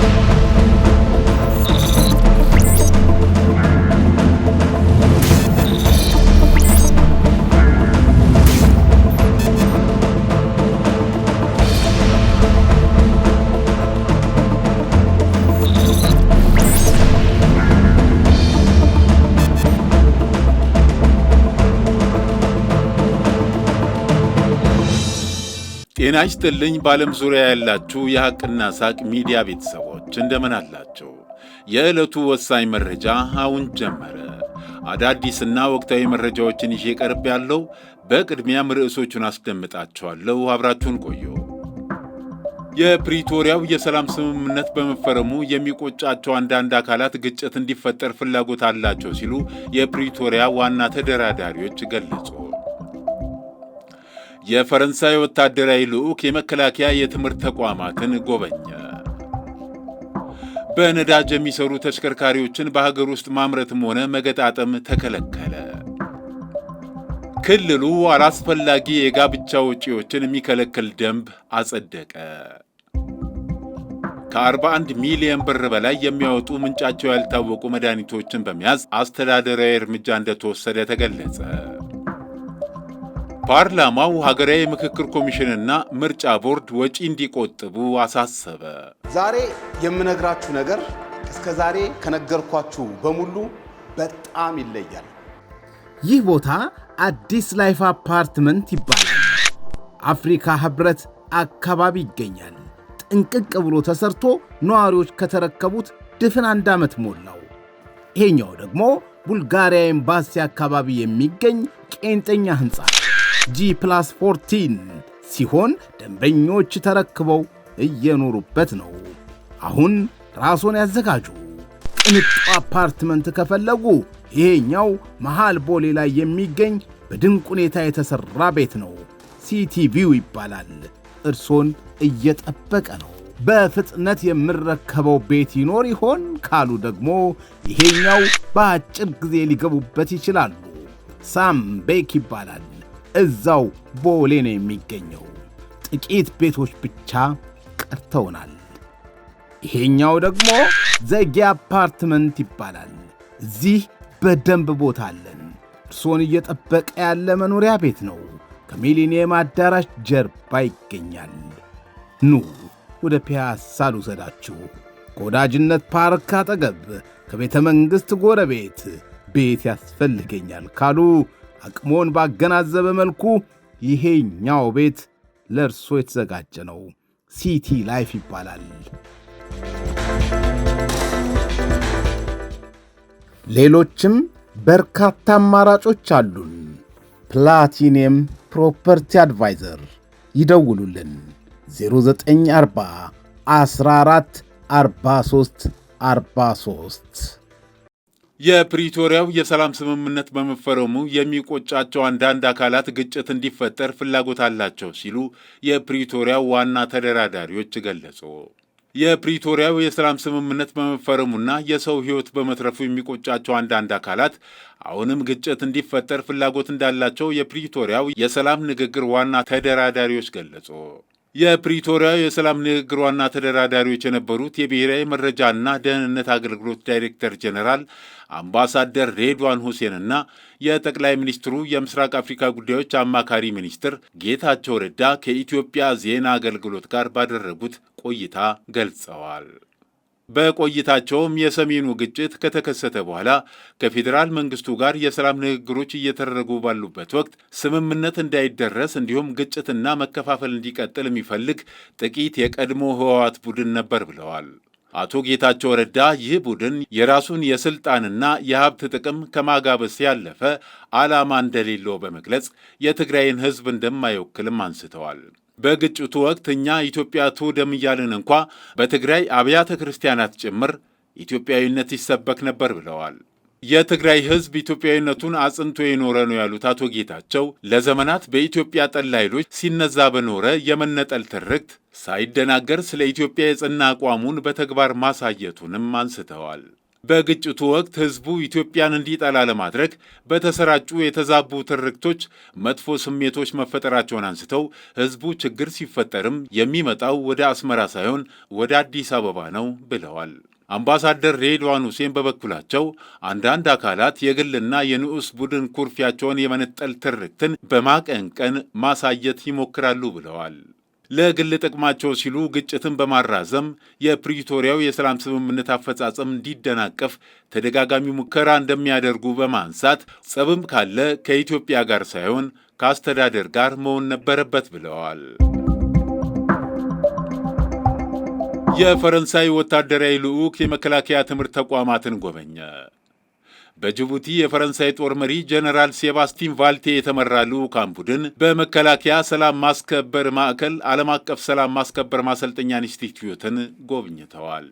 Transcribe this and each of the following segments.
Thank you. ጤና ይስጥልኝ በዓለም ዙሪያ ያላችሁ የሐቅና ሳቅ ሚዲያ ቤተሰቦች እንደምን አላችሁ? የዕለቱ ወሳኝ መረጃ አሁን ጀመረ። አዳዲስና ወቅታዊ መረጃዎችን ይዤ ቀርብ ያለው በቅድሚያም ርዕሶቹን አስደምጣችኋለሁ። አብራችሁን ቆዩ። የፕሪቶሪያው የሰላም ስምምነት በመፈረሙ የሚቆጫቸው አንዳንድ አካላት ግጭት እንዲፈጠር ፍላጎት አላቸው ሲሉ የፕሪቶሪያ ዋና ተደራዳሪዎች ገለጹ። የፈረንሳይ ወታደራዊ ልዑክ የመከላከያ የትምህርት ተቋማትን ጎበኘ። በነዳጅ የሚሰሩ ተሽከርካሪዎችን በሀገር ውስጥ ማምረትም ሆነ መገጣጠም ተከለከለ። ክልሉ አላስፈላጊ የጋብቻ ወጪዎችን የሚከለክል ደንብ አጸደቀ። ከ41 ሚሊዮን ብር በላይ የሚያወጡ ምንጫቸው ያልታወቁ መድኃኒቶችን በመያዝ አስተዳደራዊ እርምጃ እንደተወሰደ ተገለጸ። ፓርላማው ሀገራዊ ምክክር ኮሚሽንና ምርጫ ቦርድ ወጪ እንዲቆጥቡ አሳሰበ። ዛሬ የምነግራችሁ ነገር እስከ ዛሬ ከነገርኳችሁ በሙሉ በጣም ይለያል። ይህ ቦታ አዲስ ላይፍ አፓርትመንት ይባላል። አፍሪካ ህብረት አካባቢ ይገኛል። ጥንቅቅ ብሎ ተሰርቶ ነዋሪዎች ከተረከቡት ድፍን አንድ ዓመት ሞላው። ይሄኛው ደግሞ ቡልጋሪያ ኤምባሲ አካባቢ የሚገኝ ቄንጠኛ ሕንፃ ጂ ፕላስ 14 ሲሆን ደንበኞች ተረክበው እየኖሩበት ነው። አሁን ራስዎን ያዘጋጁ። ቅንጡ አፓርትመንት ከፈለጉ ይሄኛው መሃል ቦሌ ላይ የሚገኝ በድንቅ ሁኔታ የተሠራ ቤት ነው። ሲቲቪው ይባላል። እርሶን እየጠበቀ ነው። በፍጥነት የምረከበው ቤት ይኖር ይሆን ካሉ ደግሞ ይሄኛው በአጭር ጊዜ ሊገቡበት ይችላሉ። ሳምቤክ ይባላል። እዛው ቦሌ ነው የሚገኘው። ጥቂት ቤቶች ብቻ ቀርተውናል። ይሄኛው ደግሞ ዘጌ አፓርትመንት ይባላል። እዚህ በደንብ ቦታ አለን። እርሶን እየጠበቀ ያለ መኖሪያ ቤት ነው። ከሚሊኒየም አዳራሽ ጀርባ ይገኛል። ኑ ወደ ፒያሳ ልውሰዳችሁ። ከወዳጅነት ፓርክ አጠገብ ከቤተ መንግሥት ጎረቤት ቤት ያስፈልገኛል ካሉ አቅሞን ባገናዘበ መልኩ ይሄኛው ቤት ለእርሶ የተዘጋጀ ነው። ሲቲ ላይፍ ይባላል። ሌሎችም በርካታ አማራጮች አሉን። ፕላቲኒየም ፕሮፐርቲ አድቫይዘር ይደውሉልን 0940 14 43 43 የፕሪቶሪያው የሰላም ስምምነት በመፈረሙ የሚቆጫቸው አንዳንድ አካላት ግጭት እንዲፈጠር ፍላጎት አላቸው ሲሉ የፕሪቶሪያው ዋና ተደራዳሪዎች ገለጹ። የፕሪቶሪያው የሰላም ስምምነት በመፈረሙና የሰው ሕይወት በመትረፉ የሚቆጫቸው አንዳንድ አካላት አሁንም ግጭት እንዲፈጠር ፍላጎት እንዳላቸው የፕሪቶሪያው የሰላም ንግግር ዋና ተደራዳሪዎች ገለጹ። የፕሪቶሪያ የሰላም ንግግር ዋና ተደራዳሪዎች የነበሩት የብሔራዊ መረጃና ደህንነት አገልግሎት ዳይሬክተር ጀኔራል አምባሳደር ሬድዋን ሁሴንና የጠቅላይ ሚኒስትሩ የምስራቅ አፍሪካ ጉዳዮች አማካሪ ሚኒስትር ጌታቸው ረዳ ከኢትዮጵያ ዜና አገልግሎት ጋር ባደረጉት ቆይታ ገልጸዋል። በቆይታቸውም የሰሜኑ ግጭት ከተከሰተ በኋላ ከፌዴራል መንግስቱ ጋር የሰላም ንግግሮች እየተደረጉ ባሉበት ወቅት ስምምነት እንዳይደረስ እንዲሁም ግጭትና መከፋፈል እንዲቀጥል የሚፈልግ ጥቂት የቀድሞ ህወሓት ቡድን ነበር ብለዋል። አቶ ጌታቸው ረዳ ይህ ቡድን የራሱን የስልጣንና የሀብት ጥቅም ከማጋበስ ያለፈ ዓላማ እንደሌለው በመግለጽ የትግራይን ህዝብ እንደማይወክልም አንስተዋል። በግጭቱ ወቅት እኛ ኢትዮጵያ ትውደም እያልን እንኳ በትግራይ አብያተ ክርስቲያናት ጭምር ኢትዮጵያዊነት ይሰበክ ነበር ብለዋል። የትግራይ ሕዝብ ኢትዮጵያዊነቱን አጽንቶ የኖረ ነው ያሉት አቶ ጌታቸው ለዘመናት በኢትዮጵያ ጠል ኃይሎች ሲነዛ በኖረ የመነጠል ትርክት ሳይደናገር ስለ ኢትዮጵያ የጽና አቋሙን በተግባር ማሳየቱንም አንስተዋል። በግጭቱ ወቅት ህዝቡ ኢትዮጵያን እንዲጠላ ለማድረግ በተሰራጩ የተዛቡ ትርክቶች፣ መጥፎ ስሜቶች መፈጠራቸውን አንስተው ህዝቡ ችግር ሲፈጠርም የሚመጣው ወደ አስመራ ሳይሆን ወደ አዲስ አበባ ነው ብለዋል። አምባሳደር ሬድዋን ሁሴን በበኩላቸው አንዳንድ አካላት የግልና የንዑስ ቡድን ኩርፊያቸውን የመነጠል ትርክትን በማቀንቀን ማሳየት ይሞክራሉ ብለዋል። ለግል ጥቅማቸው ሲሉ ግጭትን በማራዘም የፕሪቶሪያው የሰላም ስምምነት አፈጻጸም እንዲደናቀፍ ተደጋጋሚ ሙከራ እንደሚያደርጉ በማንሳት ጸብም ካለ ከኢትዮጵያ ጋር ሳይሆን ከአስተዳደር ጋር መሆን ነበረበት ብለዋል። የፈረንሳይ ወታደራዊ ልዑክ የመከላከያ ትምህርት ተቋማትን ጎበኘ። በጅቡቲ የፈረንሳይ ጦር መሪ ጀነራል ሴባስቲን ቫልቴ የተመራ ልዑካን ቡድን በመከላከያ ሰላም ማስከበር ማዕከል ዓለም አቀፍ ሰላም ማስከበር ማሰልጠኛ ኢንስቲትዩትን ጎብኝተዋል።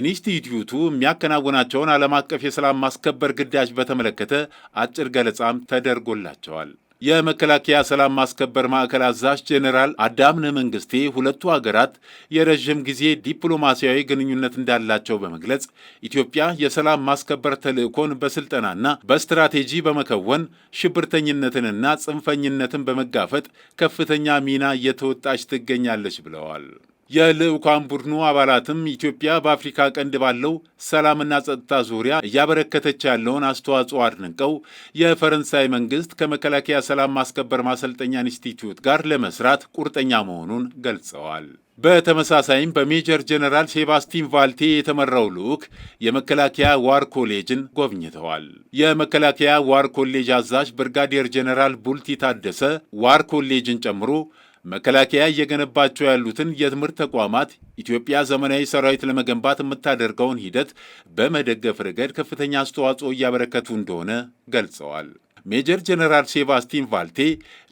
ኢንስቲትዩቱ የሚያከናውናቸውን ዓለም አቀፍ የሰላም ማስከበር ግዳጅ በተመለከተ አጭር ገለጻም ተደርጎላቸዋል። የመከላከያ ሰላም ማስከበር ማዕከል አዛዥ ጄኔራል አዳምነ መንግስቴ ሁለቱ ሀገራት የረዥም ጊዜ ዲፕሎማሲያዊ ግንኙነት እንዳላቸው በመግለጽ ኢትዮጵያ የሰላም ማስከበር ተልዕኮን በስልጠናና በስትራቴጂ በመከወን ሽብርተኝነትንና ጽንፈኝነትን በመጋፈጥ ከፍተኛ ሚና እየተወጣች ትገኛለች ብለዋል። የልዑካን ቡድኑ አባላትም ኢትዮጵያ በአፍሪካ ቀንድ ባለው ሰላምና ጸጥታ ዙሪያ እያበረከተች ያለውን አስተዋጽኦ አድንቀው የፈረንሳይ መንግስት ከመከላከያ ሰላም ማስከበር ማሰልጠኛ ኢንስቲትዩት ጋር ለመስራት ቁርጠኛ መሆኑን ገልጸዋል። በተመሳሳይም በሜጀር ጀነራል ሴባስቲን ቫልቴ የተመራው ልዑክ የመከላከያ ዋር ኮሌጅን ጎብኝተዋል። የመከላከያ ዋር ኮሌጅ አዛዥ ብርጋዴር ጀነራል ቡልቲ ታደሰ ዋር ኮሌጅን ጨምሮ መከላከያ እየገነባቸው ያሉትን የትምህርት ተቋማት ኢትዮጵያ ዘመናዊ ሰራዊት ለመገንባት የምታደርገውን ሂደት በመደገፍ ረገድ ከፍተኛ አስተዋጽኦ እያበረከቱ እንደሆነ ገልጸዋል። ሜጀር ጀነራል ሴባስቲን ቫልቴ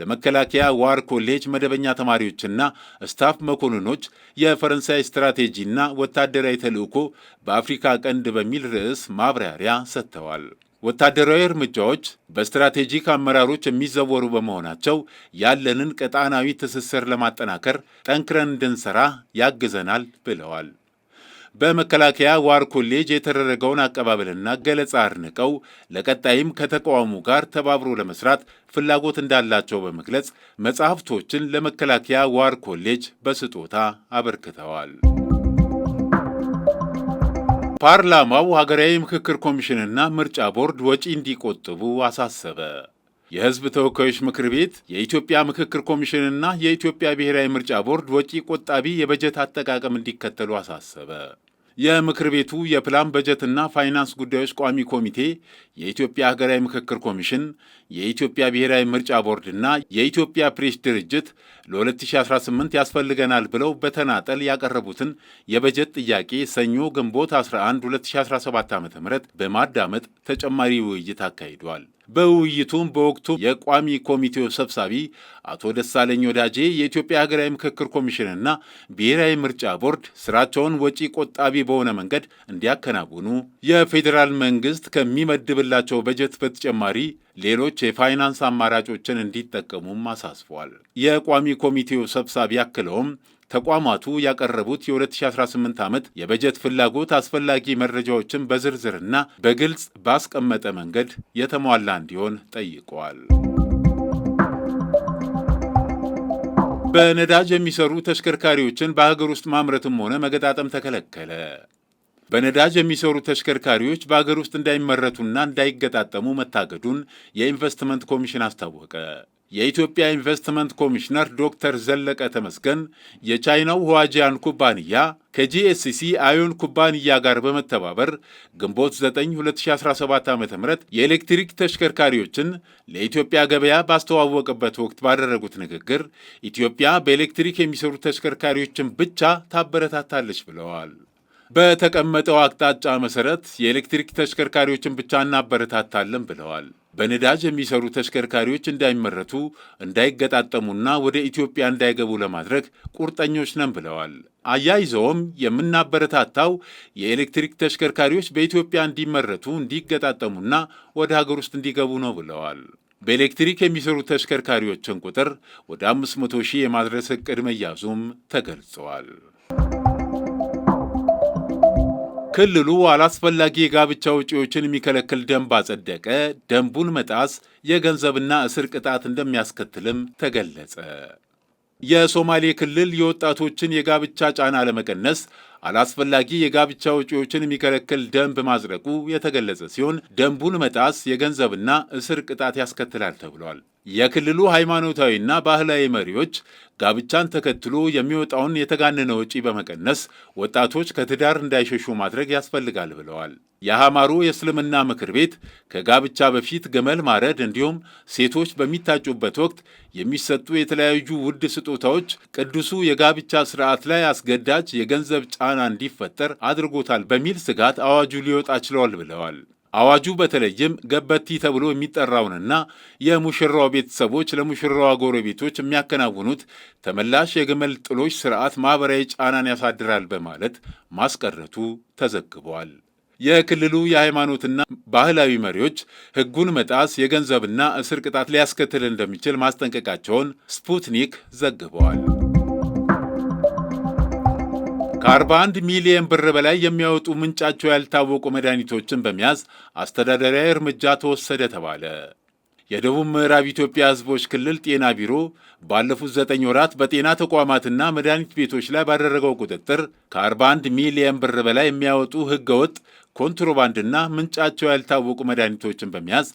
ለመከላከያ ዋር ኮሌጅ መደበኛ ተማሪዎችና ስታፍ መኮንኖች የፈረንሳይ ስትራቴጂና ወታደራዊ ተልዕኮ በአፍሪካ ቀንድ በሚል ርዕስ ማብራሪያ ሰጥተዋል። ወታደራዊ እርምጃዎች በስትራቴጂክ አመራሮች የሚዘወሩ በመሆናቸው ያለንን ቀጣናዊ ትስስር ለማጠናከር ጠንክረን እንድንሰራ ያግዘናል ብለዋል። በመከላከያ ዋር ኮሌጅ የተደረገውን አቀባበልና ገለጻ አድንቀው ለቀጣይም ከተቋሙ ጋር ተባብሮ ለመስራት ፍላጎት እንዳላቸው በመግለጽ መጽሐፍቶችን ለመከላከያ ዋር ኮሌጅ በስጦታ አበርክተዋል። ፓርላማው ሀገራዊ ምክክር ኮሚሽንና ምርጫ ቦርድ ወጪ እንዲቆጥቡ አሳሰበ። የህዝብ ተወካዮች ምክር ቤት የኢትዮጵያ ምክክር ኮሚሽንና የኢትዮጵያ ብሔራዊ ምርጫ ቦርድ ወጪ ቆጣቢ የበጀት አጠቃቀም እንዲከተሉ አሳሰበ። የምክር ቤቱ የፕላን በጀትና ፋይናንስ ጉዳዮች ቋሚ ኮሚቴ የኢትዮጵያ ሀገራዊ ምክክር ኮሚሽን የኢትዮጵያ ብሔራዊ ምርጫ ቦርድና የኢትዮጵያ ፕሬስ ድርጅት ለ2018 ያስፈልገናል ብለው በተናጠል ያቀረቡትን የበጀት ጥያቄ ሰኞ ግንቦት 11 2017 ዓ ም በማዳመጥ ተጨማሪ ውይይት አካሂደዋል። በውይይቱም በወቅቱ የቋሚ ኮሚቴው ሰብሳቢ አቶ ደሳለኝ ወዳጄ የኢትዮጵያ ሀገራዊ ምክክር ኮሚሽንና ብሔራዊ ምርጫ ቦርድ ስራቸውን ወጪ ቆጣቢ በሆነ መንገድ እንዲያከናውኑ የፌዴራል መንግስት ከሚመድብላቸው በጀት በተጨማሪ ሌሎች የፋይናንስ አማራጮችን እንዲጠቀሙም አሳስፏል። የቋሚ ኮሚቴው ሰብሳቢ አክለውም ተቋማቱ ያቀረቡት የ2018 ዓመት የበጀት ፍላጎት አስፈላጊ መረጃዎችን በዝርዝርና በግልጽ ባስቀመጠ መንገድ የተሟላ እንዲሆን ጠይቀዋል። በነዳጅ የሚሰሩ ተሽከርካሪዎችን በሀገር ውስጥ ማምረትም ሆነ መገጣጠም ተከለከለ። በነዳጅ የሚሰሩ ተሽከርካሪዎች በአገር ውስጥ እንዳይመረቱና እንዳይገጣጠሙ መታገዱን የኢንቨስትመንት ኮሚሽን አስታወቀ። የኢትዮጵያ ኢንቨስትመንት ኮሚሽነር ዶክተር ዘለቀ ተመስገን የቻይናው ህዋጂያን ኩባንያ ከጂኤስሲ አዮን ኩባንያ ጋር በመተባበር ግንቦት 9 2017 ዓ ም የኤሌክትሪክ ተሽከርካሪዎችን ለኢትዮጵያ ገበያ ባስተዋወቀበት ወቅት ባደረጉት ንግግር ኢትዮጵያ በኤሌክትሪክ የሚሰሩ ተሽከርካሪዎችን ብቻ ታበረታታለች ብለዋል። በተቀመጠው አቅጣጫ መሰረት የኤሌክትሪክ ተሽከርካሪዎችን ብቻ እናበረታታለን ብለዋል። በነዳጅ የሚሰሩ ተሽከርካሪዎች እንዳይመረቱ እንዳይገጣጠሙና ወደ ኢትዮጵያ እንዳይገቡ ለማድረግ ቁርጠኞች ነን ብለዋል። አያይዘውም የምናበረታታው የኤሌክትሪክ ተሽከርካሪዎች በኢትዮጵያ እንዲመረቱ እንዲገጣጠሙና ወደ ሀገር ውስጥ እንዲገቡ ነው ብለዋል። በኤሌክትሪክ የሚሰሩ ተሽከርካሪዎችን ቁጥር ወደ 500 ሺህ የማድረስ ዕቅድ መያዙም ተገልጸዋል። ክልሉ አላስፈላጊ የጋብቻ ውጪዎችን የሚከለክል ደንብ አጸደቀ። ደንቡን መጣስ የገንዘብና እስር ቅጣት እንደሚያስከትልም ተገለጸ። የሶማሌ ክልል የወጣቶችን የጋብቻ ጫና ለመቀነስ አላስፈላጊ የጋብቻ ውጪዎችን የሚከለክል ደንብ ማጽደቁ የተገለጸ ሲሆን ደንቡን መጣስ የገንዘብና እስር ቅጣት ያስከትላል ተብሏል። የክልሉ ሃይማኖታዊና ባህላዊ መሪዎች ጋብቻን ተከትሎ የሚወጣውን የተጋነነ ወጪ በመቀነስ ወጣቶች ከትዳር እንዳይሸሹ ማድረግ ያስፈልጋል ብለዋል። የሐማሩ የእስልምና ምክር ቤት ከጋብቻ በፊት ግመል ማረድ እንዲሁም ሴቶች በሚታጩበት ወቅት የሚሰጡ የተለያዩ ውድ ስጦታዎች ቅዱሱ የጋብቻ ስርዓት ላይ አስገዳጅ የገንዘብ ጫና እንዲፈጠር አድርጎታል በሚል ስጋት አዋጁ ሊወጣ ችለዋል ብለዋል። አዋጁ በተለይም ገበቲ ተብሎ የሚጠራውንና የሙሽራው ቤተሰቦች ለሙሽራዋ ጎረቤቶች የሚያከናውኑት ተመላሽ የግመል ጥሎች ስርዓት ማኅበራዊ ጫናን ያሳድራል በማለት ማስቀረቱ ተዘግቧል። የክልሉ የሃይማኖትና ባህላዊ መሪዎች ሕጉን መጣስ የገንዘብና እስር ቅጣት ሊያስከትል እንደሚችል ማስጠንቀቃቸውን ስፑትኒክ ዘግበዋል። ከ41 ሚሊየን ብር በላይ የሚያወጡ ምንጫቸው ያልታወቁ መድኃኒቶችን በመያዝ አስተዳደራዊ እርምጃ ተወሰደ ተባለ። የደቡብ ምዕራብ ኢትዮጵያ ሕዝቦች ክልል ጤና ቢሮ ባለፉት ዘጠኝ ወራት በጤና ተቋማትና መድኃኒት ቤቶች ላይ ባደረገው ቁጥጥር ከ41 ሚሊየን ብር በላይ የሚያወጡ ሕገወጥ ኮንትሮባንድና ምንጫቸው ያልታወቁ መድኃኒቶችን በመያዝ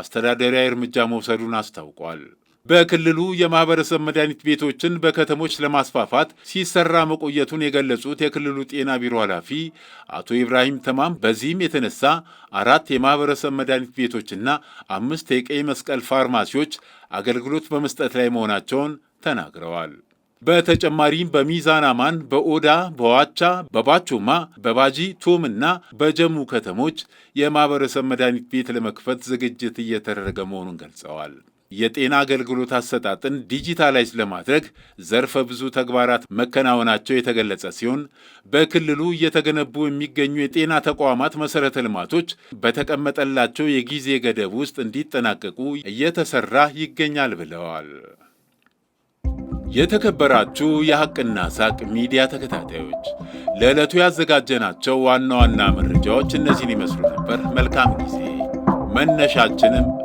አስተዳደራዊ እርምጃ መውሰዱን አስታውቋል። በክልሉ የማህበረሰብ መድኃኒት ቤቶችን በከተሞች ለማስፋፋት ሲሰራ መቆየቱን የገለጹት የክልሉ ጤና ቢሮ ኃላፊ አቶ ኢብራሂም ተማም በዚህም የተነሳ አራት የማህበረሰብ መድኃኒት ቤቶችና አምስት የቀይ መስቀል ፋርማሲዎች አገልግሎት በመስጠት ላይ መሆናቸውን ተናግረዋል። በተጨማሪም በሚዛን አማን፣ በኦዳ፣ በዋቻ፣ በባቾማ፣ በባጂ ቶም እና በጀሙ ከተሞች የማህበረሰብ መድኃኒት ቤት ለመክፈት ዝግጅት እየተደረገ መሆኑን ገልጸዋል። የጤና አገልግሎት አሰጣጥን ዲጂታላይዝ ለማድረግ ዘርፈ ብዙ ተግባራት መከናወናቸው የተገለጸ ሲሆን በክልሉ እየተገነቡ የሚገኙ የጤና ተቋማት መሰረተ ልማቶች በተቀመጠላቸው የጊዜ ገደብ ውስጥ እንዲጠናቀቁ እየተሰራ ይገኛል ብለዋል። የተከበራችሁ የሐቅና ሳቅ ሚዲያ ተከታታዮች ለዕለቱ ያዘጋጀናቸው ዋና ዋና መረጃዎች እነዚህን ይመስሉ ነበር። መልካም ጊዜ መነሻችንም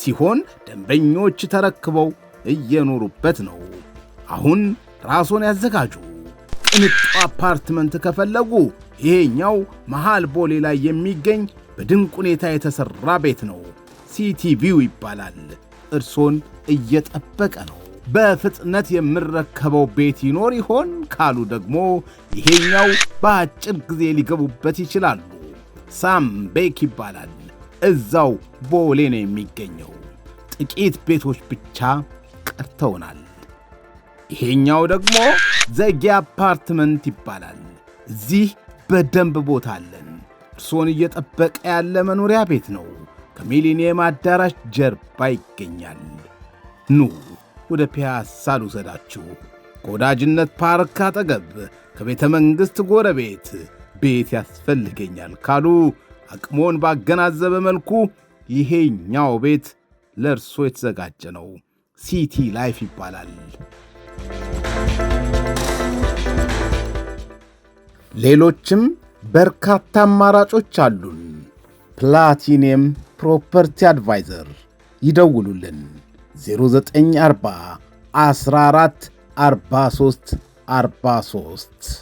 ሲሆን ደንበኞች ተረክበው እየኖሩበት ነው። አሁን ራስዎን ያዘጋጁ። ቅንጡ አፓርትመንት ከፈለጉ ይሄኛው መሃል ቦሌ ላይ የሚገኝ በድንቅ ሁኔታ የተሠራ ቤት ነው። ሲቲቪው ይባላል። እርሶን እየጠበቀ ነው። በፍጥነት የምረከበው ቤት ይኖር ይሆን ካሉ ደግሞ ይሄኛው በአጭር ጊዜ ሊገቡበት ይችላሉ። ሳም ቤክ ይባላል። እዛው ቦሌ ነው የሚገኘው። ጥቂት ቤቶች ብቻ ቀርተውናል። ይሄኛው ደግሞ ዘጌ አፓርትመንት ይባላል። እዚህ በደንብ ቦታ አለን። እርሶን እየጠበቀ ያለ መኖሪያ ቤት ነው። ከሚሊኒየም አዳራሽ ጀርባ ይገኛል። ኑ ወደ ፒያሳ ልውሰዳችሁ። ከወዳጅነት ፓርክ አጠገብ ከቤተ መንግሥት ጎረቤት ቤት ያስፈልገኛል ካሉ አቅሞን ባገናዘበ መልኩ ይሄኛው ቤት ለእርሶ የተዘጋጀ ነው። ሲቲ ላይፍ ይባላል። ሌሎችም በርካታ አማራጮች አሉን። ፕላቲኒየም ፕሮፐርቲ አድቫይዘር ይደውሉልን 0940 14 43 43